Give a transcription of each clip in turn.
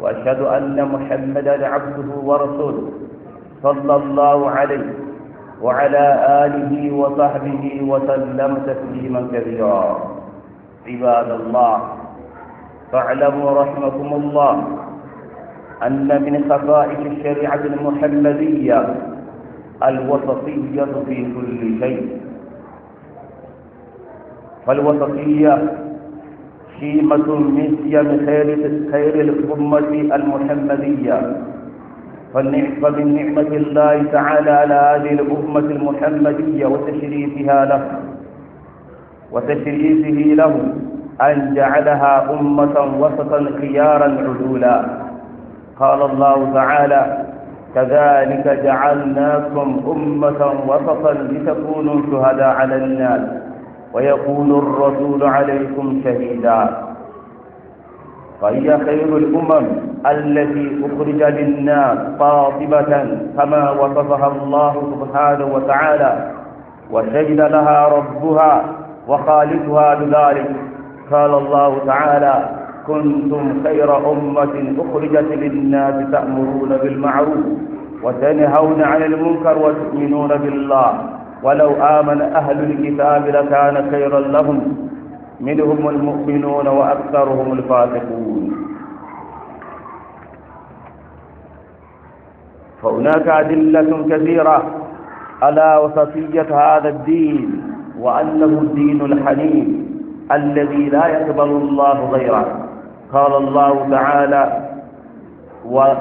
وأشهد أن محمدا عبده ورسوله صلى الله عليه وعلى آله وصحبه وسلم تسليما كثيرا عباد الله فاعلموا رحمكم الله أن من خصائص الشريعة المحمدية الوسطية في كل شيء فالوسطية شيمة من سيم خير خير الأمة المحمدية فالنعمة من نعمة الله تعالى على هذه الأمة المحمدية وتشريفها له وتشريفه له أن جعلها أمة وسطا خيارا عدولا قال الله تعالى كذلك جعلناكم أمة وسطا لتكونوا شهداء على الناس ويكون الرسول عليكم شهيدا فهي خير الأمم التي أخرج للناس قاطبة كما وصفها الله سبحانه وتعالى وشهد لها ربها وخالقها بذلك قال الله تعالى كنتم خير أمة أخرجت للناس تأمرون بالمعروف وتنهون عن المنكر وتؤمنون بالله ولو آمن أهل الكتاب لكان خيرا لهم منهم المؤمنون وأكثرهم الفاسقون فهناك أدلة كثيرة على وسطية هذا الدين وأنه الدين الحنيف الذي لا يقبل الله غيره قال الله تعالى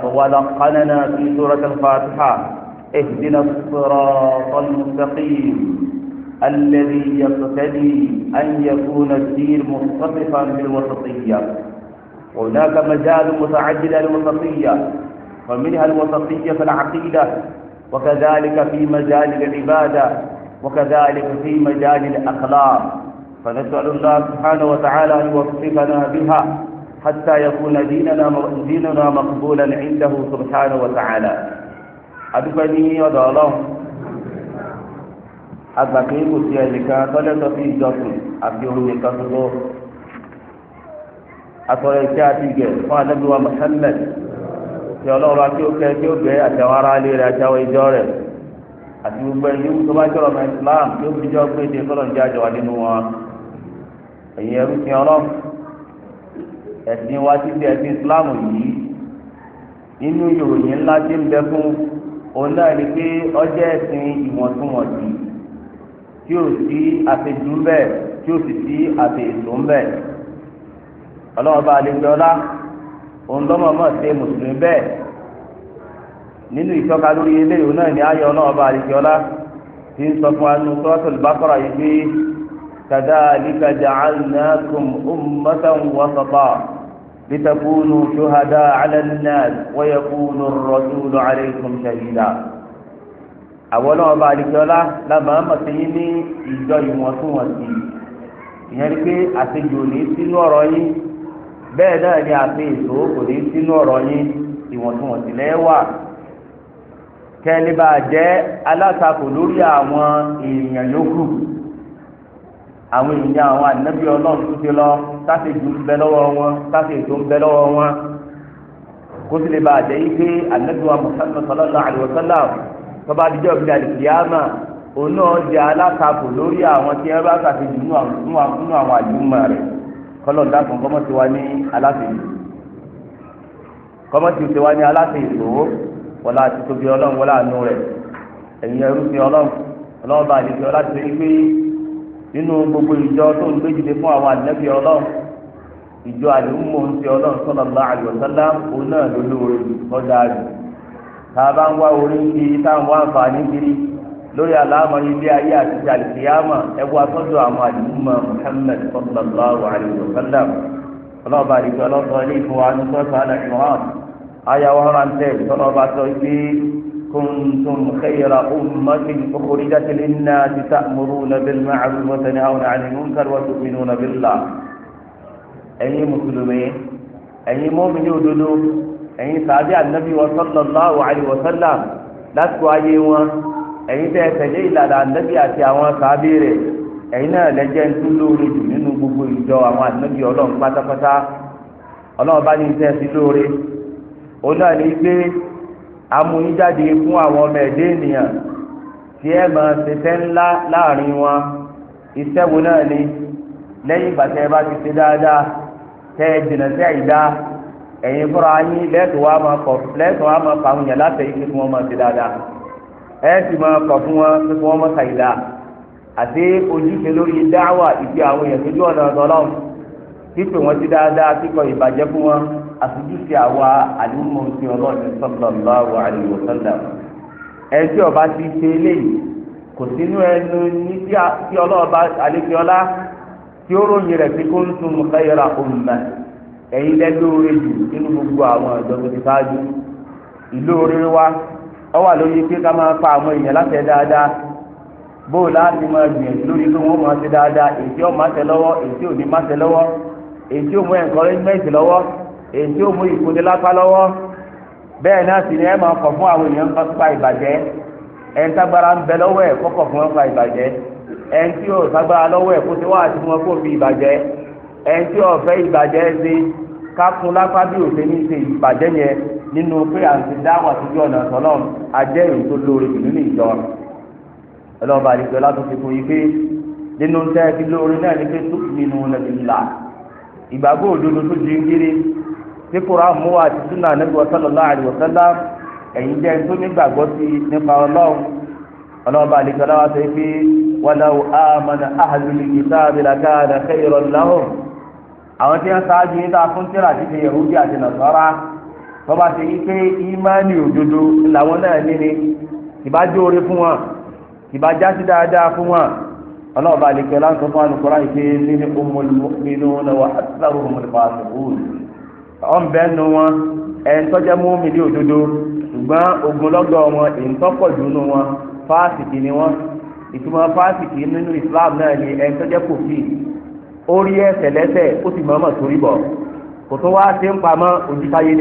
ولقننا في سورة الفاتحة اهدنا الصراط المستقيم الذي يقتدي أن يكون الدين مصطفا بالوسطية وهناك مجال متعدد الوسطية فمنها الوسطية في العقيدة وكذلك في مجال العبادة وكذلك في مجال الأخلاق فنسأل الله سبحانه وتعالى أن يوفقنا بها حتى يكون ديننا ديننا مقبولا عنده سبحانه وتعالى adúpẹ́ ní ọ̀dọ̀ ọlọ́run agbàgbé kò sí ẹnìkan tọ́lẹ́tọ́ sí ìjọsìn àti orin nìkan tó lọ atọ́lẹ̀ iṣẹ́ àti ìgẹ̀ fún anábíwá Muhammad tí ọlọ́run àti òkè tí ó bẹ́ àtàwọn ará ilé rẹ̀ àtàwọn ìjọ rẹ̀ àti gbogbo ẹni tó bá jọ̀rọ̀ mọ́ Islam tí ó fi jọ́ pé ṣe kọ́lọ̀ ń jẹ́ àjọ nínú wọn ẹ̀yin ẹrú fi ọlọ́run ẹ̀sìn wa ti di ẹ̀sìn Islam yìí nínú ìròyìn ńlá ti ń bẹ fún òun náà ni pé ọjọ́ ẹ̀sìn ìwọ̀ntúnwọ̀nsì tí ò sí àfẹjù ńbẹ tí ò sì sí àfẹjù ńbẹ ọlọ́run bá àlejò ọlá òun lọ́mọ mọ̀ sí mùsùlùmí bẹ́ẹ̀ nínú ìtọ́ka lórí eléyìí òun náà ni ayọ̀ ọlọ́run bá ti ń sọ fún wa yìí pé لتكونوا شهداء على الناس ويكون الرسول عليكم شهيدا àwọn náà ọba àdìgbọ́lá lábàá mọ̀tí yín ní ìjọ ìwọ̀ntúnwọ̀nsì ìyẹn ni pé àṣejù ò ní sínú ọ̀rọ̀ yín bẹ́ẹ̀ náà ni àṣe èso kò ní sínú ọ̀rọ̀ yín ìwọ̀ntúnwọ̀nsì lẹ́wà kẹ́lẹ́bà jẹ́ alátakò lórí àwọn èèyàn yòókù àwọn èèyàn àwọn ànábì ọlọ́run tó ti lọ sáfì ju ń bẹ lọ́wọ́ wọn sáfì tó ń bẹ lọ́wọ́ wọn kó sì lè bá àjẹ́ yìí pé ànábì wa Muhammad sallallahu alaihi wasallam tọ́ba àdìjọ́ ìbílẹ̀ àdìkìyàmà òun náà jẹ́ alátakò lórí àwọn tí wọ́n bá kàfi jù nínú àwọn àjùmọ̀ rẹ̀ kọ́lọ̀ dákun kọ́mọ́ ti wá ní aláfẹ̀yìn kọ́mọ́ ti wá ní aláfẹ̀yìn tó wọlá nínú gbogbo ìjọ tó ń gbéjìde fún àwọn ànábì ọlọ́run ìjọ àdéhùnmọ̀ ń ṣe ọlọ́run sallallahu alaihi wasallam òun náà ló lóore lọ́dà rẹ̀ tá a bá ń wá orí kiri tá à ń wá àǹfààní kiri lórí àlámọ̀ ilé ayé àti àlìkìyàmà ẹ̀wọ́ atọ́jú àwọn àdéhùnmọ̀ Muhammad sallallahu alaihi wasallam ọlọ́ọ̀bà ọlọ́sọ ilé ìfowópamọ́ كنتم خير أمة أخرجت للناس تأمرون بالمعروف وتنهون عن المنكر وتؤمنون بالله أي مسلمين أي مؤمن يدلو أي صادع النبي صلى الله عليه وسلم لا تكوايوا أي تأتجي إلى النبي أتي أوان صابيري أي لجن تلوري جنين بقوي جو أوان النبي أولون فتا فتا أولون باني تأتي لوري أولون ليبي amúyíjáde fún àwọn ọmọ ẹ̀dẹ́ ènìyàn tí ẹ máa ṣiṣẹ́ ńlá láàrin wọn iṣẹ́ wo náà ni lẹ́yìn ìgbà tẹ́ ẹ bá ti ṣe dáadáa tẹ́ ẹ jìnnà sí àìdá ẹ̀yin fúnra yín lẹ́tọ̀ wa máa kọ̀ lẹ́tọ̀ wa máa fàwọn yàn látẹ̀ yìí kí wọ́n máa ṣe dáadáa ẹ sì máa kọ̀ fún wọn kí wọ́n máa ṣàìdá àti ojúṣe lórí dáwà ìfi àwọn èèyàn tó jọ́ ọ̀nà ọ̀dọ́ ọlọ́run pípé wọn ti dáadáa kíkọ ìbàjẹ́ fún wọn àtúntúnṣe àwa tí ọba ti ṣe eléyìí kò sínú ẹnu ní tí ọlọ́ọ̀ba tí ó ròyìn rẹ̀ pé ẹ̀yin lẹ́lóore jù nínú gbogbo àwọn ọ̀dọ́ tó ti wa ọ wà lóye pé ká máa fa àwọn èèyàn láti ẹ̀ dáadáa bóòlù á ti máa gbìyànjú lórí pé wọ́n máa tẹ lọ́wọ́ èyí tí ó mú encouragement lọ́wọ́ èyí tí ó mú ìkúnilápá lọ́wọ́ bẹ́ẹ̀ náà sì ni ẹ máa kọ̀ fún àwọn èèyàn nípa ìbàjẹ́ ẹn tágbára ń bẹ lọ́wọ́ ẹ̀ kọ́kọ̀ fún wọn nípa ìbàjẹ́ ẹn tí ò tágbára lọ́wọ́ ẹ̀ kó ti wá àti wọn kó fi ìbàjẹ́ ẹn tí ò fẹ́ ìbàjẹ́ ṣe kákun lápá bí ò ṣe ní ṣe ìbàjẹ́ yẹn nínú pé à ń ti dáwà síbi ọ̀nà sọ́lọ́m ajẹ́ èyí tó lóore jù nínú ìjọ ọlọ́ba àdìgbò látọ̀ fi fún yí pé nínú tẹ́ẹ̀ fi lóore náà ní pé tó nínú nàìjíríà ìgbàgbọ́ òdodo tó di ngiri tí Kùránì mú wa ti súnà Ànábì sallallahu alaihi wasallam ẹ̀yin jẹ́ tó nígbàgbọ́ sí nípa ọlọ́run ọlọ́run bá lè gbọ́dọ̀ wá sọ pé walau amana ahlul kitabi lakana khayran lahum àwọn tí wọ́n sáájú yín tá fún tíra ti ṣe Yahudi àti Nasara wọ́n bá ṣe yí pé ìmánì òdodo làwọn náà ní ni ìbá fún wọn ìbá jásí dáadáa fún wọn ọlọ́run bá lè kẹ́ láǹtọ́ fún alukóra ìpè nínú ọmọlùmọ́pinnu lọ́wọ́ àtúntàwọ̀ ọmọlùmọ́pinnu ọ̀n bẹ́ẹ̀ nu wọn ẹ̀ń tọ́jẹ́ mú mi ní òdodo ṣùgbọ́n ogunlọ́gọ̀ wọn ìǹtọ́pọ̀ jù nu wọn fásitì ni wọn ìtumọ̀ fásitì nínú Islam náà ni ẹ̀ń tọ́jẹ́ kò fi orí ẹsẹ̀ lẹ́sẹ̀ ó sì mọ̀ọ́mọ̀ sórí bọ̀ kò tó wá sí ń pamọ́ ojútáyé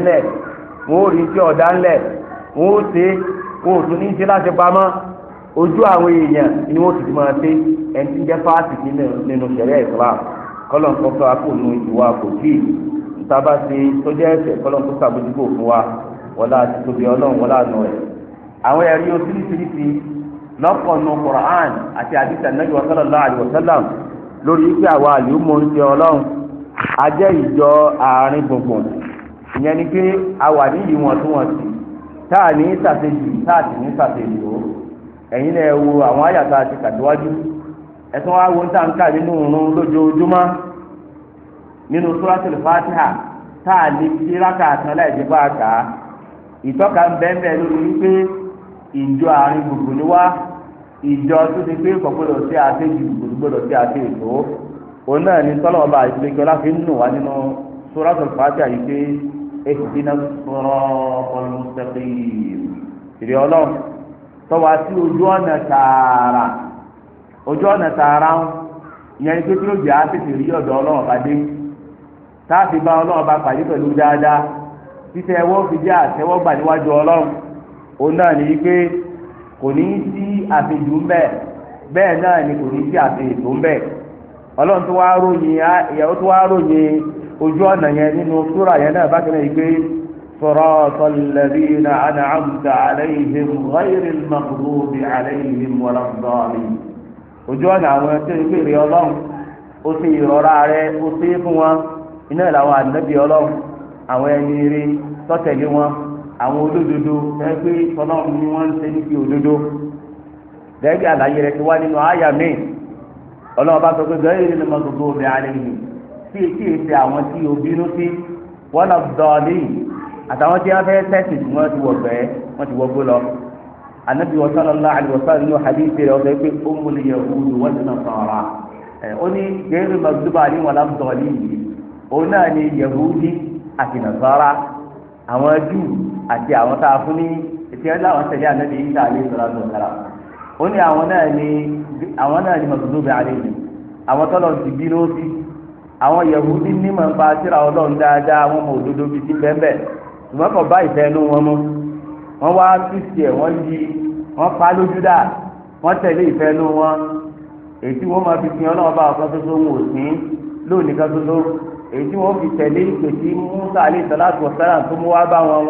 ní tó wọ́n ò rí tí ọ̀dá ńlẹ̀ wọ́n ò ṣe wọn ò tún ní ṣe láti pamọ́ ojú àwọn èèyàn ni wọn ti máa ṣe ẹni tí ń jẹ́ fáàtì nínú ṣẹ̀ríà Islam kọ́lọ̀ ń kọ́kọ́ àpònú ìwà kò tí ì ntaba ṣe tó jẹ́ ẹ̀ṣẹ̀ kọ́lọ̀ ń fún wa wọlá àti tóbi ọlọ́run wọlá àná rẹ̀ àwọn ẹ̀rí lọ́kànnù Qur'an ìyẹn ni pé a wà ní ìwọ̀ntúnwọ̀nsì tá a ní sàṣejù tá a sì ní sàṣejù o ẹ̀yin náà wo àwọn àyàtọ̀ àti kàdíwájú ẹ̀sùn wa wo ń tà ń kà nínú òun lójoojúmọ́ nínú suratul fatiha tá a lè fi rákà tán láì jẹ́ bá a kà á ìtọ́ka ń bẹ́ẹ̀ bẹ́ẹ̀ lórí wípé ìjọ àárín gbogbo ni wá ìjọ tó ti pé kò sí àtẹ́jú kò gbọdọ̀ sí àtẹ́jú òun náà ni sọ́lọ́ọ̀bà ìgbẹ́jọ́ láfi ń nù wá nínú suratul fatiha yìí pé اهدنا الصراط المستقيم ìrì ọlọ́run tọ́wọ́ àti ojú ọ̀nà tààrà ojú ọ̀nà tààrà ń ìyẹn pé kí ló jẹ́ àtẹ̀tẹ̀ rí ọ̀dọ̀ ọlọ́run bá dé táàfin bá ọlọ́run bá pàdé pẹ̀lú dáadáa títẹ ẹwọ́ fi jẹ́ àtẹwọ́gbà níwájú ọlọ́run òun náà ní pé kò ní í sí àfijù ńbẹ bẹ́ẹ̀ náà ni kò ní í sí àfihàn tó ńbẹ tó wá ròyìn ìyàwó tó wá ròyìn ojú ọ̀nà yẹn nínú súrà yẹn náà bákan náà gbé siratal ladina an'amta alayhim ghayril maghdubi alayhim waladdallin ojú ọ̀nà àwọn ẹ̀ṣẹ́ ìgbèrè ọlọ́run ó ṣe ìrọ̀rá rẹ ó ṣe fún wọn iná làwọn ànábì ọlọ́run àwọn ẹni rí tọ́tẹ̀lé wọn àwọn olódodo ẹgbẹ́ tọ́lọ́run ni wọ́n ń ṣe níbi tí èké ṣe àwọn tí o bínú sí wọn lọ dọọlì àtàwọn tí wọn fẹ́ẹ́ tẹsí tí wọn ti wọ gbẹ wọn ti wọ gbó lọ anabi wa sallallahu alayhi wa sallam nínú hadith rẹ̀ ọsẹ pé ó múlẹ yẹ wúlò wọn ti nà sọ̀rọ̀ ẹ ó ní gẹrẹ mọdúbà ní wọn lọ dọọlì yìí náà ni yahudi àti nasara àwọn júù àti àwọn tá a fún ní ìfẹ́ láwọn tẹ̀lé anabi isa alayhi salatu wa salam ó ní àwọn náà ni àwọn náà ni mọdúbà alayhi àwọn tọ́lọ̀ ti bínú sí. àwọn yahudi nímọ̀ nípa síra ọlọ́run dáadáa wọn mọ òdodo bíi ti bẹ́ẹ̀ ṣùgbọ́n kò bá ìfẹ́ inú wọn mu wọn wá fífi ẹ̀ wọ́n yí wọ́n pa lójú dà wọ́n tẹ̀lé ìfẹ́ inú wọn èyí tí wọ́n máa fi fi ọlọ́run bá ọ̀kan wọn sí lónìí kan èyí wọ́n fi tẹ̀lé ìpè tí musa alayhi salatu wa salam tó mú wá bá wọn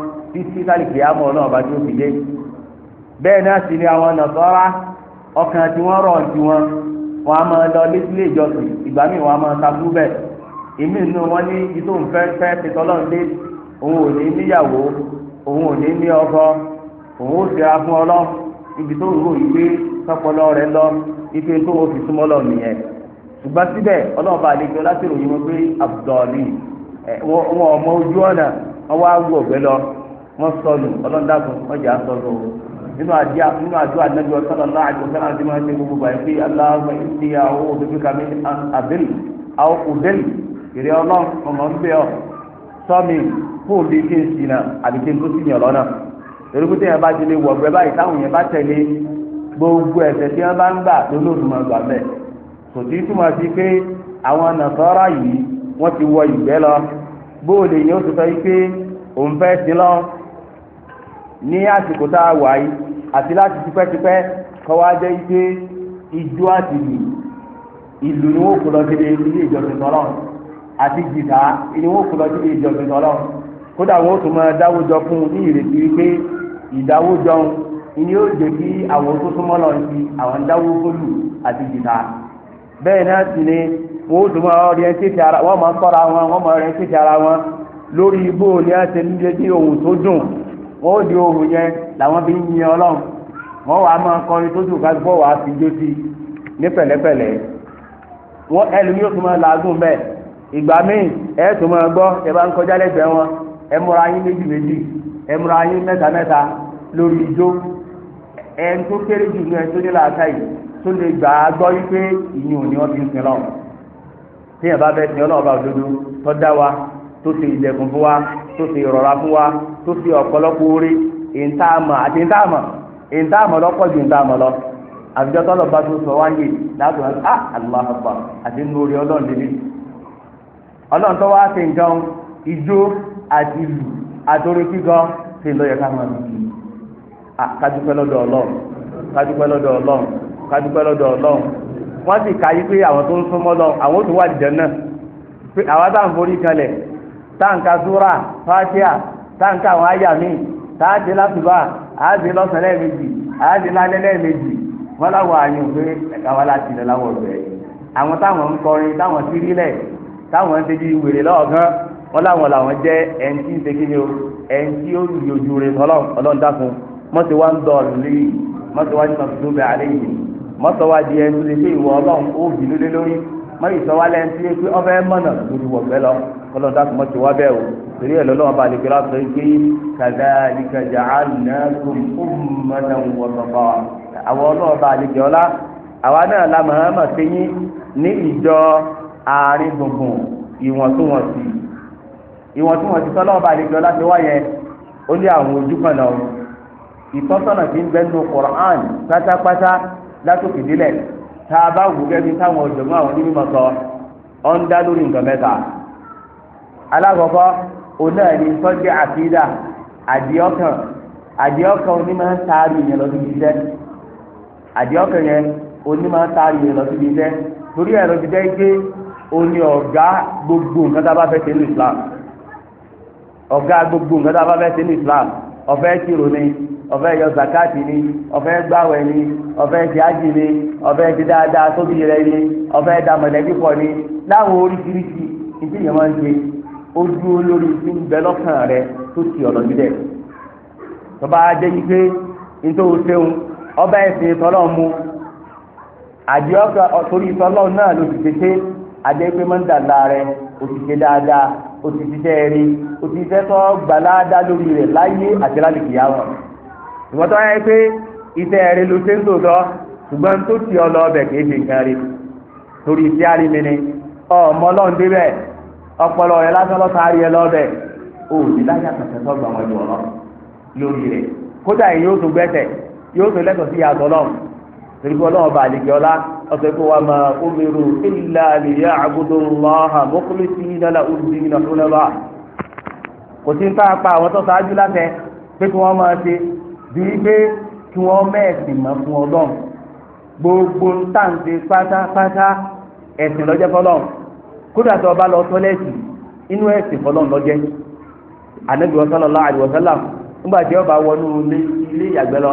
wọn ò títí lálìkè àmọ́ náà bá ó fi dé bẹ́ẹ̀ náà sì ni àwọn nàṣọ́ra ọkàn tí wọ́n rọ̀ ju wọn wọn a máa lọ létílé ìjọsìn ìgbà míì wọn a máa takú bẹ́ẹ̀ èmi nínú wọn ní ìtò nfẹ́ fẹ́ ti tọ́lọ́ dé òun ò ní níyàwó òun ò ní fún ọlọ́ ibi tó ń wọn sọnù ọlọ́dàgùn ọjà sọnù nínú àdí nínú àdó ànábi ọ̀sán ọ̀la àjọsán àti máa ń ṣe gbogbo báyìí pé aláwọ̀ ìdí àwọn òbí kàmí àbẹ́lì àwọn òbẹ́lì ìrẹ́ ọlọ́run ọmọ ń bẹ́ ọ sọ́mi fún òbí kí n sì nà àbí kí n tó sì yàn lọ́nà torí pé téèyàn bá ti lè wọ̀ ọ̀gbẹ́ báyìí táwọn yẹn bá tẹ̀lé gbogbo ẹ̀sẹ̀ tí wọ́n bá ń gbà tó lóògùn máa gbà mẹ́ kò tí túmọ̀ sí pé àwọn nàṣọ́ra yìí wọ́n ti wọ ìgbẹ́ lọ bóòlù yìí ó ti sọ yìí pé òun fẹ́ sí lọ́wọ́ ní àsìkò tá a wà yìí àti láti tipẹ́tipẹ́ kọ́ wá jẹ́ ike ijó àti ìlú ni wọ́n kó lọ síbi ilé ìjọsìn tọ́lọ́run àti gìtá ni wọ́n kó lọ síbi ìjọsìn tọ́lọ́run kódà wọ́n tún máa dáwọ́jọ fún un ní ìrètí wípé ìdáwọ́jọun ni yóò jẹ́ kí àwọn tó súnmọ́ lọ sí àwọn dáwọ́ fólù àti gìtá bẹ́ẹ̀ náà sì ni wọ́n tún máa ọ̀rẹ́ntìtì ara wọ́n máa sọ́ra wọn wọ́n máa ọ̀rẹ́ntìtì ara wọn lórí igbó ni a ṣe ń jẹ́ kí ohun tó dùn O di òru yẹn làwọn fi ń yin ọlọ́run wọn wàá máa kọrin tó dùn ká gbọ́ wàá fi jó sí ní pẹ̀lẹ́pẹ̀lẹ́ wọn ẹlòmíì yóò tún máa làágùn bẹ́ẹ̀ ìgbà míì ẹ tún máa gbọ́ ẹ bá ń kọjá lẹ́gbẹ̀ẹ́ wọn ẹ múra yín méjì méjì ẹ múra yín mẹ́ta mẹ́ta lórí ijó ẹ ń tó kéré jù ní ẹ tó ní làákà lọ bá bẹ́ẹ̀ sin ọlọ́ọ̀bá òdodo tó dá wa tó ṣe ìjẹ̀kùn fún tó fi ọ̀pọ̀lọpọ̀ orí ìntàmọ̀ àti ìntàmọ̀ ìntàmọ̀ lọ pọ̀jù ìntàmọ̀ lọ àbíjọ́ tọ́lọ̀ bá tó sọ wáyé láti wọn á ah, Allahu àti nùrí ọlọ́run lélẹ̀ ọlọ́run tó wá sí nǹkan ijó àti ìlú àtòrí kíkan ṣe kájúpẹ́ lọ́dọ̀ ọlọ́run kájúpẹ́ lọ́dọ̀ ọlọ́run kájúpẹ́ lọ́dọ̀ ọlọ́run wọ́n sì káyí pé àwọn tó lọ àwọn tó táǹkà àwọn àyà mi táàdé látùbà àádé lọ́sàn lẹ́ẹ̀mejì àádé lálẹ́ lẹ́ẹ̀mejì wọ́n láwọn àyàn pé ẹ̀ka wa láti ilẹ̀ láwọn ọ̀gbẹ́ àwọn táwọn ń kọrin táwọn ti rí lẹ̀ táwọn ń ṣe bí wèrè lọ́ọ̀gán wọ́n láwọn làwọn jẹ́ ẹni tí ń ṣe kíni o ẹni tí ó lù ojú rẹ̀ ọlọ́run dákun mọ́tò wá ń dọ̀ọ̀lù lẹ́yìn mọ́tò wá ń sọ̀tún bẹ́ẹ̀ àlẹ́ yìí mọ́tò wá di ẹni tó lè ṣe ìwọ ọlọ́run ó bínú lé lórí mọ ìsọwálẹ̀ ń tiẹ́ pé ọbẹ̀ mọ̀nà lórí wọ̀fẹ́ lọ kọlọ́n dá kùmọ̀ tí wọ́n bẹ̀ o torí ẹ̀ lọ́lọ́wọ́ bá lè kíra sọ pé kadhalika ja'alnakum ummatan wasata àwọn ọlọ́wọ́ bá lè kí ọlá àwa náà la màmá sẹ́yìn ní ìjọ àárín gbùngbùn ìwọ̀ntúnwọ̀nsì ìwọ̀ntúnwọ̀nsì tọ́lọ́wọ́ bá lè kí wáyẹ ó lé àwọn ojú kan náà ìtọ́sọ́nà ti ń bẹ́ẹ̀ tá a bá wù kẹ́bi táwọn ọ̀jọ̀gbọ́n àwọn onímọ̀ sọ ọ́ ń dá lórí nǹkan mẹ́ta alákọ̀ọ́kọ́ òun náà ni sọ́jà àfídà àdìọ́kàn àdìọ́kàn onímọ̀ ń taari yẹn lọ síbi iṣẹ́ àdìọ́kàn yẹn onímọ̀ ń taari yẹn lọ síbi iṣẹ́ torí ẹ̀ lọ ti jẹ́ oní ọ̀gá gbogbo nǹkan tá a bá fẹ́ ṣe Islam ọ̀gá gbogbo nǹkan tá a bá fẹ́ ṣe Islam ọ̀fẹ́ tìrò ni ọ̀fẹ́ yọ zakati ni ọ̀fẹ́ gbàwẹ̀ ni ọ̀fẹ́ ti ájì ni ọ̀fẹ́ ti dáadáa tóbi rẹ ni ọ̀fẹ́ da mọ̀lẹ́bí pọ̀ ni láwọn oríṣiríṣi ìdí yẹn máa ń ṣe tí rẹ tó ti adé pé ọba ẹ̀sìn mu torí náà ló ti ṣe ṣe adé pé ń o ti ti tẹ́ ẹ rí o ti fẹ́ tọ́ gbalada lórí rẹ̀ láyé àti lálùkì yá wọn. ìwọ́n tọ́ yẹ pé ìtẹ́ rẹ̀ ló ṣe ń tòótọ́ ṣùgbọ́n tó ti ọ lọ ọbẹ̀ kì í ṣe nǹkan rí torí ìṣe àrími ni ọmọ ọlọ́run débẹ̀ ọpọlọ rẹ̀ lásán lọ́ta rí ẹ lọ́bẹ̀ o ní láyà kẹsẹ̀ tọ́ gbàmọ́ ìwọ̀n lórí rẹ̀ kódà yìí yóò tún gbẹ́sẹ̀ yóò tún lẹ́tọ̀ọ́ sí ìyàtọ̀ lọ́run torí pé ọlọ́run ọba àlejò ọlá ọ̀sẹ̀ pé ma máa umiru illa liya'budu Allaha mukhlisina lahu lọ́ba kò sí ń tá a pa àwọn tó ṣáájú látẹ pé kí wọ́n máa ṣe bí pé kí wọ́n mẹ́ẹ̀sìn mọ́ fún ọlọ́run gbogbo ń tàǹtì pátápátá ẹ̀sìn lọ́jẹ́ fọlọ́run kódà tó ọba lọ inú ẹ̀sìn fọlọ́run lọ́jẹ́ nígbà tí ọba wọnú ilé ìyàgbẹ́ lọ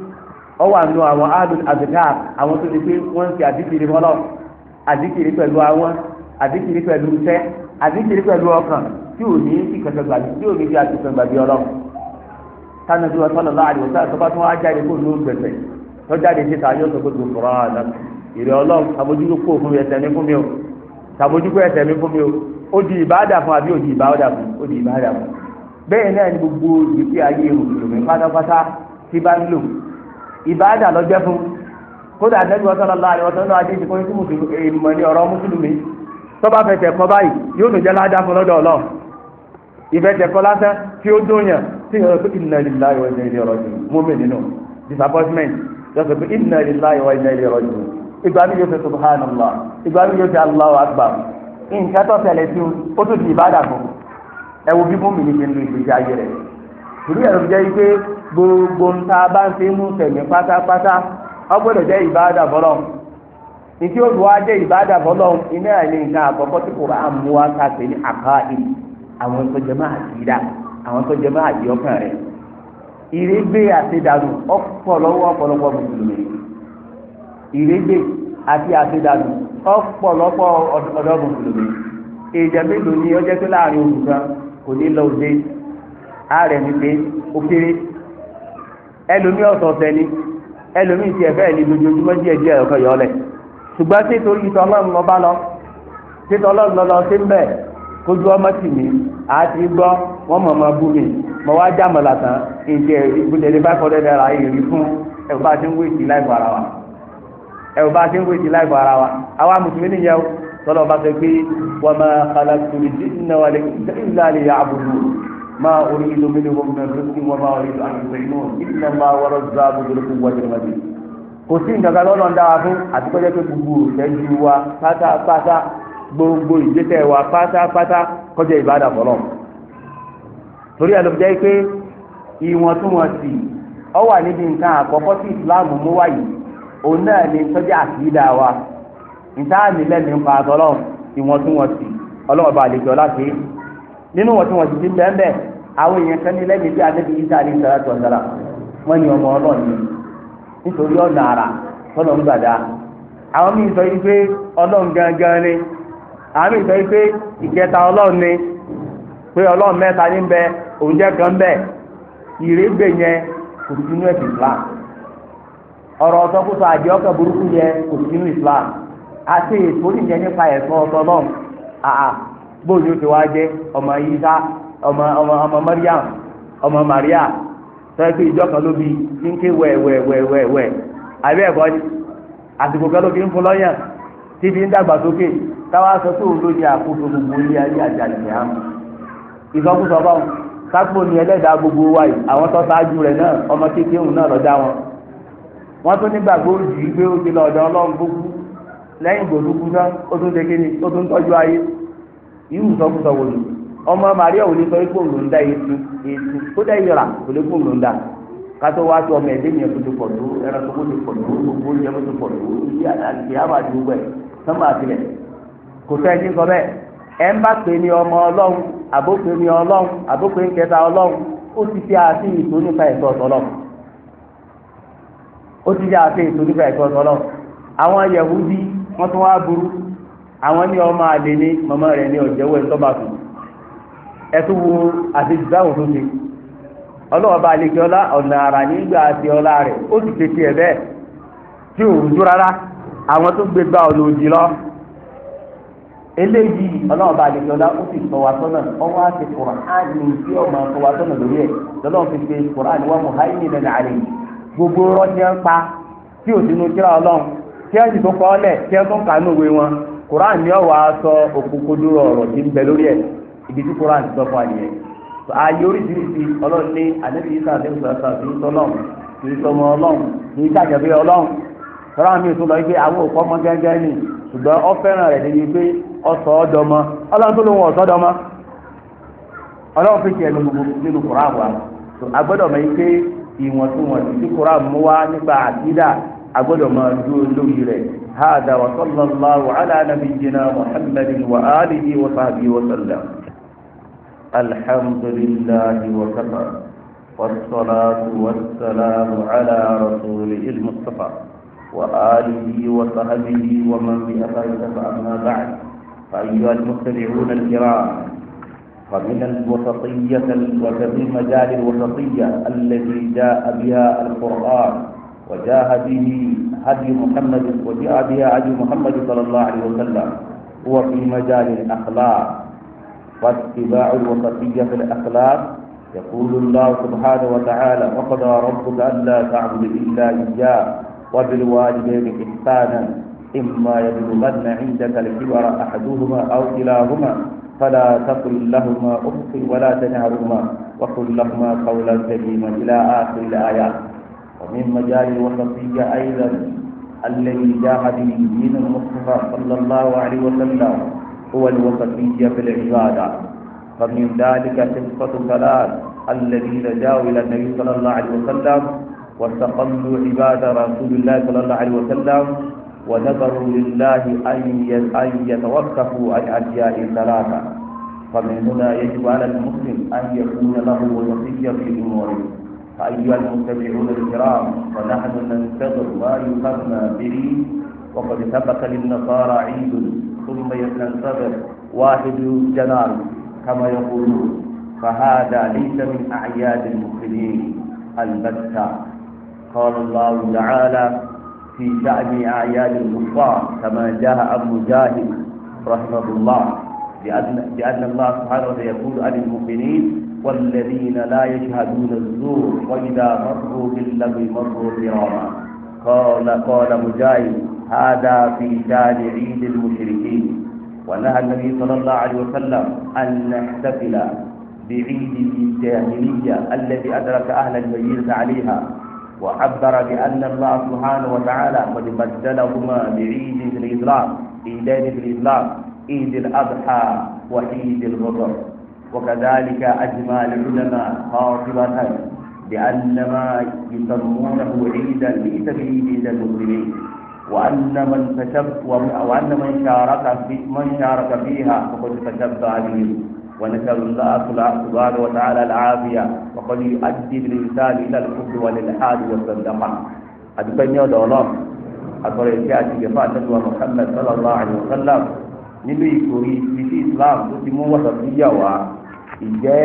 ọwọ́ àánú àwọn adùn àdìgá àwọn tó ti pé wọ́n ń fi àdìkiri fọlọ́ àdìkiri pẹ̀lú àwọn àdìkiri pẹ̀lú iṣẹ́ àdìkiri pẹ̀lú ọkàn tí ò ní fi kẹsẹ̀ gbàgbé tí ò ní fi àtúnṣe gbàgbé ọlọ́run tánà bí wọn sọlọ láàrin òtá tó bá tún wá jáde kó ló gbẹsẹ tó jáde síta yóò sọ pé kò kọrọ àná ìrẹ ọlọ́run sàbójúkú kó fún mi ẹsẹ̀ mi fún mi o sàbójúkú ẹsẹ̀ mi fún mi o ó di ìbáàdà fún àbí ó di ìbáàdà fún ó di ìbáàdà fún bẹ́ẹ̀ náà ni gbogbo ìgbésí ayé mùsùlùmí pátápátá tí bá ń lò ìbáàdà lọ́jẹ́ fún kódà nẹ́bí wọ́n sọ̀rọ̀ láàrin wọ́n sọ̀rọ̀ adé ìṣèkọ́ ní mùsùlùmí èèmọ̀ ní ọ̀rọ̀ mùsùlùmí tó bá fẹ́ tẹ̀kọ́ báyìí yóò lè jẹ́ ládàá fún lọ́dọ̀ ọlọ́run ìfẹ́ tẹ̀kọ́ lásán tí ó dóyàn tí yóò pé inna lillahi wa inna ilayhi raji'un mọ́mì nínú disappointment yóò sọ pé inna lillahi wa inna ilayhi raji'un ìgbà mi yóò fẹ́ subhanallah ìgbà mi yóò fẹ́ Allahu akbar nǹkan tó tẹ̀lé sí ó tún di ìbádà fún ẹ bí mọ́mì ní ṣe ń torí ẹ̀rọ jẹ́ nke gbogbo ń ta bá ń ṣe mú sẹ̀mí pátápátá ọgbọ́dọ̀ jẹ́ ìbáradà bọ́lọ̀ ìtí ó bọ́lọ̀ iná ẹ̀ ní nǹkan àkọ́kọ́ tí kò mú wa ká sí ní àwọn tó máa yí dá àwọn tó máa yí ọkàn rẹ̀ ìrégbé ọ̀pọ̀lọpọ̀ ọ̀pọ̀lọpọ̀ mùsùlùmí ìrégbé àti ọ̀pọ̀lọpọ̀ ọ̀dọ́ mùsùlùmí ni ọjọ́ tó láàrin oṣù kan kò ní ààrẹ mi pé ó kéré ẹlòmíì ọ̀sọ̀ọ̀sẹ̀ ni ẹlòmíì tiẹ̀ fẹ́ẹ̀ ní lójoojúmọ́ díẹ̀ díẹ̀ ọ̀kan yọ ọlẹ̀ ṣùgbọ́n ṣé torí ìtọ́ ọlọ́run lọ bá lọ ṣé tọ́ ọlọ́run lọ lọ ṣé ń bẹ̀ kójú ọmọ tì mí àti gbọ́ mọ̀ mọ́ bú mi mọ̀ wá mọ̀lá tán bá fún ẹ̀rù bá ti ń wéjì ara wa ẹ̀rù bá ti ń wéjì ما أريد منهم من رزق وما أريد أن يطعمون إن الله ورزاق ذو القوة المتين kò sí nǹkan kan lọ́nà dára fún àtikọ́jẹ́ pé gbogbo ìṣẹ́jú wa pátápátá gbogbo ìgbésẹ̀ wa pátápátá kọjá ìbádà fọlọ́ torí ẹ̀ ló jẹ́ pé ìwọ̀ntúnwọ̀nsì ó wà níbi nǹkan àkọ́kọ́ tí ìsìláàmù mú wáyé òun náà ni sọ́jà àkìdá wa ìtaàmì lẹ́nu pa àtọ́lọ́ ìwọ̀ntúnwọ̀nsì ọlọ́wọ́ bá àlejò láti nínú ìwọ̀ntúnwọ̀nsì ti bẹ́ẹ̀ bẹ́ẹ̀ àwọn èèyàn kan ní lẹ́yìn tí adébí yìí sáré sara tó sara wọ́n ní ọmọ ọlọ́ọ̀ni nítorí ọ̀nà àrà sọ wípé ọlọ́ọ̀n gangan ni àwọn míì sọ ìkẹta ọlọ́ọ̀n ni pé ọlọ́ọ̀n mẹ́ta ní bẹ bẹ ìrégbè yẹn kò sí inú ẹ̀sìn Islam ọ̀rọ̀ ọ̀sọ́kùsọ àjẹ́ ọkọ̀ burúkú yẹn kò sí inú Islam ọmọ ọmọ ọmọ Mariam ọmọ Maria sọ́yẹ́ pé ìjọ kan ló bi ní ké wẹ̀wẹ̀wẹ̀wẹ̀ àbí ẹ̀kọ́ ni àsìkò kan ló fi ń fún lọ́yàn tí fi ń dàgbà sókè táwa sọ pé òun ló ní àkóso gbogbo ilé ayé àjàlè ní àmì ìsọkúsọ báwọn sápò ní ẹlẹ́dàá gbogbo wa yìí àwọn tó ṣáájú rẹ̀ náà ọmọ kékeré òun náà lọ́dá wọn wọ́n tún nígbàgbọ́ òjì gbé ó ti lọ ọ̀dọ̀ ọlọ́run gbogbo lẹ́yìn gbòdúgbò náà ó tún ṣe kéde ó tún tọ́jú ayé irú ìsọkúsọ ọmọ maria ò ní sọ ikú òun ló ń da ètù ètù tó dá ìyọ̀rà kò lè kú òun ló ń da kátó wá tó ọmọ ẹ̀dẹ́ yẹn kó tó pọ̀ tó ẹran tó kó tó pọ̀ tó gbogbo oúnjẹ kó tó pọ̀ tó ìdí àti àwọn àdúgbò ẹ̀ sọ́mọ àtìlẹ̀ kò sọ ẹni sọ bẹ́ẹ̀ ẹ ń bá pè ní ọmọ ọlọ́run àbópè ní ọlọ́run àbópè ń kẹta ọlọ́run ó ti fi àti ìtò nípa ẹ̀tọ́ ọ̀tọ̀lọ́run ó ti fi wọ́n tún wá burú àwọn ní ọmọ àlè ní rẹ̀ ní ọ̀jẹ̀wé ńtọ́bàtún ẹtú wo àtijọ́ táwọn tó ṣe ọlọ́wọ́ bá alẹ́ kí ọlá ọ̀nà àrà nígbà àti ọlá rẹ̀ ó sì ṣe tiẹ̀ bẹ́ẹ̀ tí ò rújú rárá àwọn tó gbé gba ọ̀nà òdì lọ eléyìí ọlọ́wọ́ bá ọlá ó sì sọ wa sọ́nà ọwọ́ àti tí gbogbo ń pa tí ò sínú kíra ọlọ́run ibi tí koran ti sọ́kọ́ àyè ààyè oríṣiríṣi ọlọ́run ní àdébí yìí sàdé ìsọ̀rọ̀sà kì í ọlọ́run ọlọ́run mi lọ pé àwọn òkú ọmọ ni ṣùgbọ́n ọ fẹ́ràn rẹ̀ débi pé ọ̀sọ̀ ọ̀dọ́mọ ọlọ́run tó lóun ọlọ́run fi tiẹ̀ nínú koran wa agbọ́dọ̀ ìwọ̀ntúnwọ̀ntún tí koran mú wa nípa agbọ́dọ̀ rẹ̀ hada wa الحمد لله وكفى والصلاة والسلام على رسوله المصطفى وآله وصحبه ومن بأثره فأما بعد فأيها المستمعون الكرام فمن الوسطية وفي مجال الوسطية الذي جاء بها القرآن وجاء به هدي محمد وجاء بها هدي محمد صلى الله عليه وسلم هو في مجال الأخلاق واتباع الوسطية في الأخلاق يقول الله سبحانه وتعالى وقضى ربك ألا تعبد إلا إياه وبالوالدين إحسانا إما يبلغن عندك الكبر أحدهما أو كلاهما فلا تقل لهما أف ولا تنهرهما وقل لهما قولا كريما إلى آخر الآيات ومن مجال الوسطية أيضا الذي جاء به دين المصطفى صلى الله عليه وسلم هو الوسطية في العبادة فمن ذلك صفة ثلاث الذين جاءوا إلى النبي صلى الله عليه وسلم واستقلوا عبادة رسول الله صلى الله عليه وسلم ونذروا لله أن يتوقفوا عن أشياء ثلاثة فمن هنا يجب على المسلم أن يكون له وصية في أموره فأيها المتبعون الكرام فنحن ننتظر ما يسمى به وقد ثبت للنصارى عيد ثم ينتظر واحد جنار كما يقولون فهذا ليس من أعياد المسلمين البتة قال الله تعالى في شأن أعياد الكفار كما جاء عن مجاهد رحمه الله لأن, الله سبحانه وتعالى يقول عن المؤمنين والذين لا يشهدون الزور وإذا مروا باللغو مروا كراما قال قال مجاهد هذا في دار عيد المشركين ونهى النبي صلى الله عليه وسلم أن نحتفل بعيد الجاهلية الذي أدرك أهل المدينة عليها وعبر بأن الله سبحانه وتعالى قد بدلهما بعيد في الإسلام عيدين في الإسلام عيد الأضحى وعيد الفطر وكذلك أجمع العلماء خاطبة بأن ما يسمونه عيدا ليس بعيد المسلمين وأن من تشب وأن من شارك في من شارك فيها فقد تشبع به ونسأل الله سبحانه وتعالى العافية وقد يؤدي بالإنسان إلى الكفر والإلحاد والصدقة أدبني دولار أترى إشياء جفاة محمد صلى الله عليه وسلم nínú ìkòrí ibi tí Islam tó ti mú wọ́sọ̀ sí yà wá ìjẹ́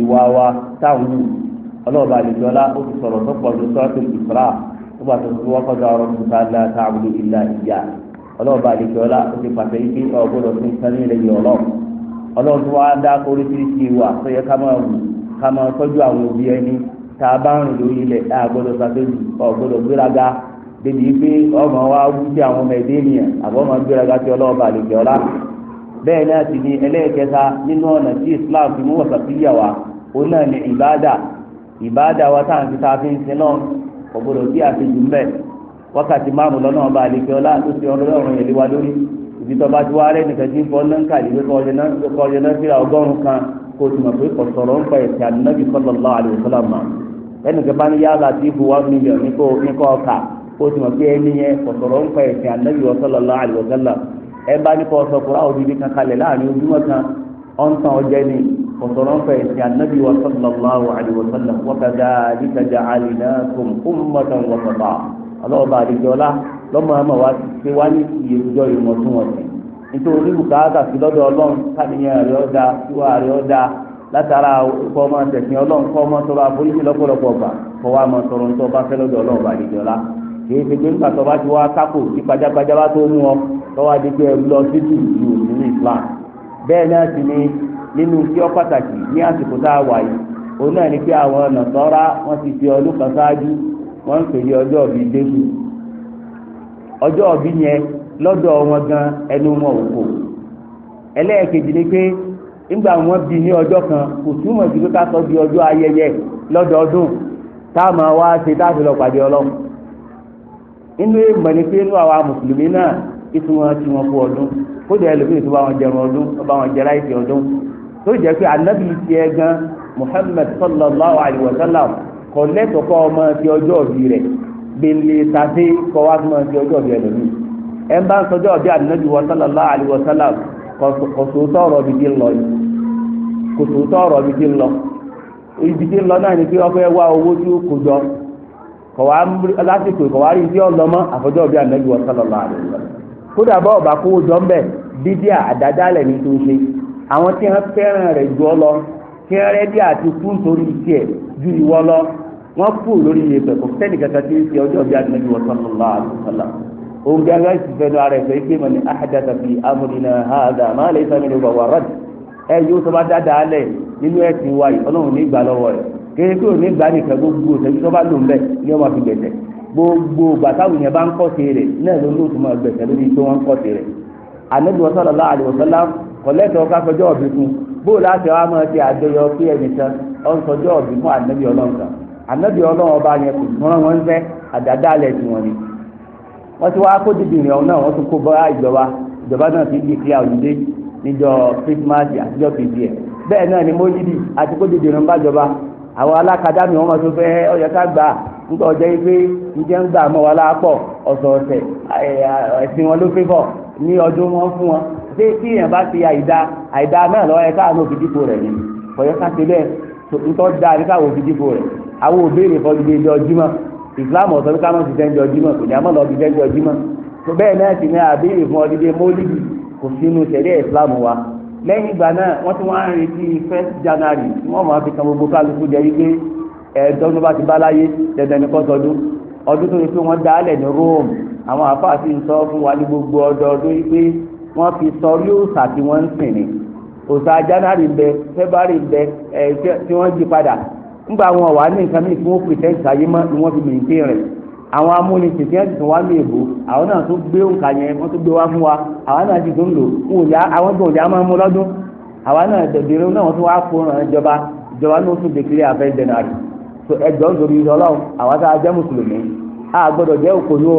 ìwà ọlọ́ọ̀bá àdìjọ́lá ó ti sọ̀rọ̀ tó pọ̀ lóṣù àti ìfúra ó bá tó fi wọ́pọ̀ dá ọ̀rọ̀ tuntun alẹ́ àtàwùlù ìlà ìyá ọlọ́ọ̀bá àdìjọ́lá ó ti pàṣẹ ike ọ̀gbọ́dọ̀ fún sani ilẹ̀ yìí ọlọ́ ọlọ́run tó wá dá oríṣiríṣi ìwà tó yẹ ká máa wù ká máa tọ́jú àwọn òbí ẹni tá a bá rìn lórí ilẹ̀ tá a gbọ́dọ̀ sàtẹ́jù ọ̀gbọ́dọ̀ gbéraga débi pé ọmọ wa wú sí àwọn ọmọ ẹ̀dẹ́ ènìyàn àbọ̀ máa gbéraga sí ọlọ́ọ̀bá àdìjọ́lá bẹ́ẹ̀ náà sì ni ẹlẹ́ẹ̀kẹta nínú ọ̀nà tí Islam fi mú wọ̀sàtúyà wa òun náà ní ìbáàdà ìbáàdà wa tá à ń fi ta fi ń sin náà kò gbọdọ̀ sí àfihàn mbẹ wákàtí márùn lọ́nà ọba àlekè ọlá tó ti ọdún ọ̀run yẹn léwa lórí ibi tó bá ti wá rẹ nìkan tí ń fọ náà kàlí pé kọ́ ọjọ́ náà fìlà ọgọ́rùn kan kó o ti mọ̀ pé kò sọ̀rọ̀ ń pa ẹ̀sìn ànábì sallallahu alaihi wasallam mà ẹnìkan bá ní yálà tí ibu one million ní kò ọkà kó o ti mọ̀ pé ẹni yẹn kò ń pa ẹ̀sìn ànábì sallallahu alaihi wasallam ẹ bá ní kò sọ̀kúrà òdìdí kan kalẹ̀ láàrin ojúmọ́ kan ọ̀ ń tan ọjẹ́ ni وطرف النبي صلى الله عليه وسلم وكذلك جعلناكم أمة وسطا الله بارك ولا lọ́mọ àmọ́ wa ṣe wá ní iye ìjọ ìwọ̀ntúnwọ̀nsì nítorí bùkátà sí lọ́dọ̀ ọlọ́run káníyàn rẹ̀ ọ̀dà ìwà rẹ̀ ọ̀dà látara ọkọ̀ ọmọ tẹ̀sìn ọlọ́run kọ́ ọmọ tọrọ àforíjì lọ́pọ̀lọpọ̀ gbà kọ́ wa mọ tọrọ nítorí ọba fẹ́ lọ́dọ̀ ọlọ́run bá dìjọ́ la kìí ṣe pé nígbà tó bá ti wá kákò sí pajápajá bá tó mú ọ tọ́wọ́ adigun ẹ̀rú lọ sí ìlú ìlú Islam bẹ́ẹ̀ náà sì ni nínú tí ó pàtàkì ní àsìkò tá a wà yìí òun náà ni pé àwọn nàṣọ́ra wọ́n ti fi ọdún kan ṣáájú wọ́n ń pè ní ọjọ́ òbí Jésù ọjọ́ òbí yẹn lọ́dọ̀ wọn gan ẹnu wọn ò kò ni pé nígbà wọn bí ní ọjọ́ kan kò túmọ̀ sí pé ká sọ ọjọ́ ayẹyẹ lọ́dọọdún ṣe lọ pàdé inú ni pé inú àwa mùsùlùmí náà tí wọn kú ọdún ẹlòmíì tó jẹ́ pé anabi tiẹ̀ gan muhammed sallallahu alayhi wa sallam kò lẹ́tọ̀ọ́ kọ́ ọmọ ti ọjọ́ ìbí rẹ̀ gbélé tàbí kọ́ wá ọmọ ti ọjọ́ ń bá ń sọjọ́ anabi wa sallallahu alayhi wa sallam kò sòótọ́ ọ̀rọ̀ ń lọ yìí kò sòótọ́ ọ̀rọ̀ bìí ń lọ ń lọ náà ni pé owó tí ó anabi wa sallallahu alayhi wa sallam kódà bá jọ ń àwọn tí wọ́n fẹ́ràn rẹ̀ jù ọ lọ tí wọ́n rẹ́dí àti kú nítorí tiẹ̀ ju ìwọ lọ wọ́n kú lórí iye pẹ̀kọ́ sẹ́ni kankan tí ń ṣe ọjọ́ bí anabi wọ́n sọ́nù lọ́wọ́ àdùsọ́lá òun bí aláì sì fẹ́nu ara ẹ̀fẹ́ pé mọ̀ni àhàdàtà fi amúdínà hàdà máa lè sọ́nù lọ́wọ́ wà rọ́d ẹ yóò tó bá dáadáa lẹ̀ nínú ẹ̀sìn wa yìí ọlọ́run ní ìgbà lọ́wọ́ rẹ̀ kéde pé òní ìgbà nìkan gbogbo òṣèlú tó bá lò ń bẹ̀ ni wọ́n fi gbẹ̀tẹ̀ gbogbo gbàtàwọn yẹn bá ń kọ́ sí rẹ̀ náà ló lóòótọ́ máa gbẹ̀tẹ̀ lórí pé wọ́n kọ́ sí rẹ̀ ànábì kọ̀lẹ́tọ̀ ká sọjọ́ ọ̀bí fún bóòlù àti ọ̀hán máa ti àjọyọ̀ pé ẹnìkan ọ̀n sọjọ́ ọ̀bí fún ànábì ọlọ́run kan ànábì ọlọ́run ọba yẹn kò mọ́rán wọn fẹ́ àdàdà alẹ́ tí wọ́n ni wọ́n ti wá kó dìbìrì ọ̀hún náà wọ́n tún kó bọ́ ìjọba ìjọba náà ti di ìpìlẹ̀ òyìnbó níjọ Christmas àtijọ́ kejì ẹ̀ bẹ́ẹ̀ náà ni mọ́lídì àti kó dìbìrì ń bá jọba àwọn alákadá mi wọ́n máa tún fẹ́ ọ̀yọ́ ká gbà nígbà ọjọ́ yìí pé ǹjẹ́ ń gbà mọ́ wa lápọ̀ ọ̀sọ̀ọ̀sẹ̀ ẹ̀sìn wọn ló fẹ́ bọ̀ ní ọdún wọn fún wọn pé tí èèyàn bá ti àìda àìda náà lọ́wọ́ ẹ káàánú òfin dípò rẹ̀ ni kọ̀yọ́ ká ṣe bẹ́ẹ̀ ntọ́ da ní káwọn òfin dípò rẹ̀ àwọn òbéèrè fọdùdé ẹjọ́ jímọ̀ ìsìlámù ọ̀sán ní káwọn òṣìṣẹ́ ẹjọ́ jímọ̀ kò ní àmọ́ lọ́ọ́ òṣìṣẹ́ ẹjọ́ jímọ̀ tó bẹ́ẹ̀ náà sì ní àbéèrè fún ọdídé mólídì kò sínú ṣẹ̀ríà ìsìlámù wa lẹ́yìn ìgbà náà wọ́n ti wá ń retí first january wọ́n máa fi kan gbogbo kálukú jẹ́ wípé ẹ̀ẹ́dọ́n ló bá ti bá láyé dandan nìkan sọdún ọdún tó ní pé wọ́n dálẹ̀ ní Rome àwọn àfáà sì ń sọ fún wa ní gbogbo ọdọọdún wípé wọ́n fi sọ òòṣà tí wọ́n ń sìn ni òòṣà january ń bẹ february ń bẹ ẹ tí wọ́n jí padà ńgbà wọn wà ní nǹkan mìíràn tí wọ́n pèsè mọ́ ni wọ́n fi mìíràn rẹ̀ àwọn amúnisìn tí wọ́n ti wá ní èbó àwọn náà tó gbé òǹkà yẹn wọ́n tó gbé wá fún wa àwọn náà ti lò àwọn tó ń yá máa mú lọ́dún náà náà wọ́n wá kó ràn ìjọba ìjọba tún dèkìlẹ̀ a jẹ́ mùsùlùmí jẹ́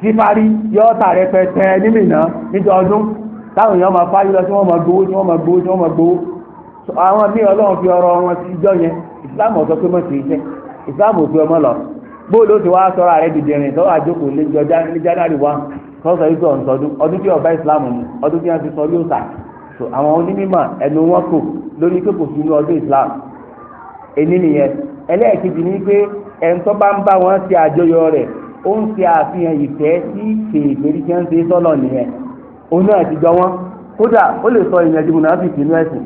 tímárì yóò tà rẹpẹtẹ nímìnà níjọ ọdún táwọn èèyàn máa fáyé lọ tí wọ́n máa gbowó tí wọ́n máa gbowó tí wọ́n máa gbowó àwọn míì ọlọ́run fi ọrọ̀ wọn sí ijọ́ yẹn islam ọ̀sọ́ pé mọ̀ sí iṣẹ́ islam ò fi ọmọ lọ bóòlù ó ti wá sọ̀rọ̀ ààrẹ dìdìrín tọ́wọ́ àjókòó lé january one sọ́sọ́ yìí sọ̀rọ̀ sọdún ọdún tí ọba islam mu ọdún tí wọ́n ti sọ yóò tà so àwọn onímọ̀ ẹnu wọn kò lórí pé kò sí inú ọdún islam èní nìyẹn ẹlẹ́ẹ̀kejì ni pé ẹ̀ńtọ́ bá ń bá wọn ṣe àjọyọ̀ rẹ̀ ó ń fi àfihàn ìfẹ́ sí kèébérí tí wọ́n ṣe sọ́lọ̀ nìyẹn òun náà ta jọ wọ́n kódà ó lè sọ ìyẹn jùmọ̀ náà fi sínú ẹ̀sìn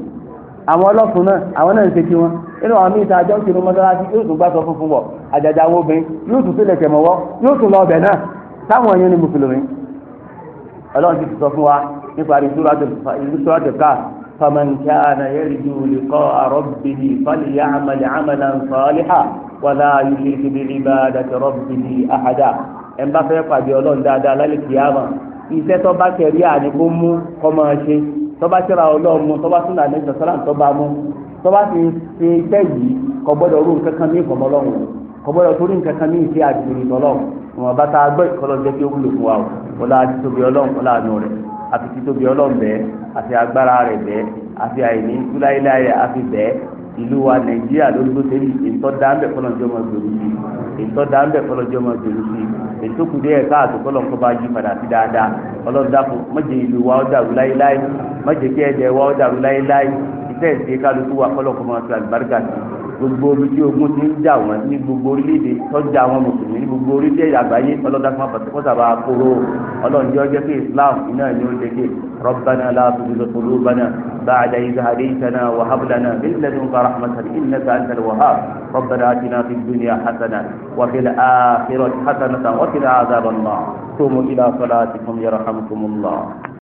àwọn ọlọ́sùn náà àwọn náà ń ṣe tiwọn nínú àwọn míì tá a ń ṣe mọ́sálásí yóò tún gbàsọ funfun àjàjà àwọn obìnrin yóò tún sílẹ̀ yóò tún lọ ọbẹ̀ náà táwọn ni mùsùlùmí ọlọ́run ti فمن كان يرجو لقاء ربه فليعمل عملا صالحا ولا يشرك بعبادة ربه أحدا ẹ̀ ń bá fẹ́ pàdé ọlọ́run dáadáa lálẹ́ kìyàmà iṣẹ́ tó bá kẹrí àdìgbò mú kọ́ máa ṣe tó bá ṣẹ́ra ọlọ́run mu tó bá súnà ní sàlám tó bá mú tó bá fi ṣe iṣẹ́ yìí kò gbọ́dọ̀ rú nǹkan kan ní ìkọ̀mọ́ ọlọ́run kò gbọ́dọ̀ torí nǹkan kan ní ìṣe àdìgbò ìtọ́lọ́run ìwọ̀n bá tá gbọ́ ìkọlọ́ kí ó wúlò fún wa o àti tóbi ọlọ́run ọlá àánú rẹ̀ àti títóbi ọlọ́ọ̀bẹ àti agbára rẹ̀ bẹ àti àìní túláyéláyé àti bẹ ìlú wa nàìjíríà ló ló tẹ́lẹ̀ ètò dáńbẹ̀ fọlọ́njọ́ máa gbèrú sí ètò dáńbẹ̀ fọlọ́njọ́ máa gbèrú sí ètò kùdé ẹ̀ka àti fọlọ́nkọ́ bá yí padà sí dáadáa ọlọ́dàpọ̀ mọ̀jẹ̀ ìlú wa ó dàrú láyéláyé mọ̀jẹ̀ kí ẹ̀dẹ̀ wa ó dàrú láyéláyé ìtẹ́ wa fọlọ́nkọ́ máa fi àlùbáríkà sí gbogbo omi tí ogun ti ń jà wọn ní gbogbo orílẹ̀-èdè tọ́jà àwọn mùsùlùmí ní gbogbo orílẹ̀-èdè àgbáyé ọlọ́dàkùn àbàtìkọ́sàbà kóró ọlọ́run jẹ́ ọjọ́ pé islam iná ni ó lékè ربنا لا تزغ قلوبنا بعد إذ هديتنا وهب لنا من لدنك رحمة إنك أنت الوهاب ربنا آتنا في الدنيا حسنة وفي الآخرة حسنة وقنا عذاب النار قوموا إلى صلاتكم يرحمكم الله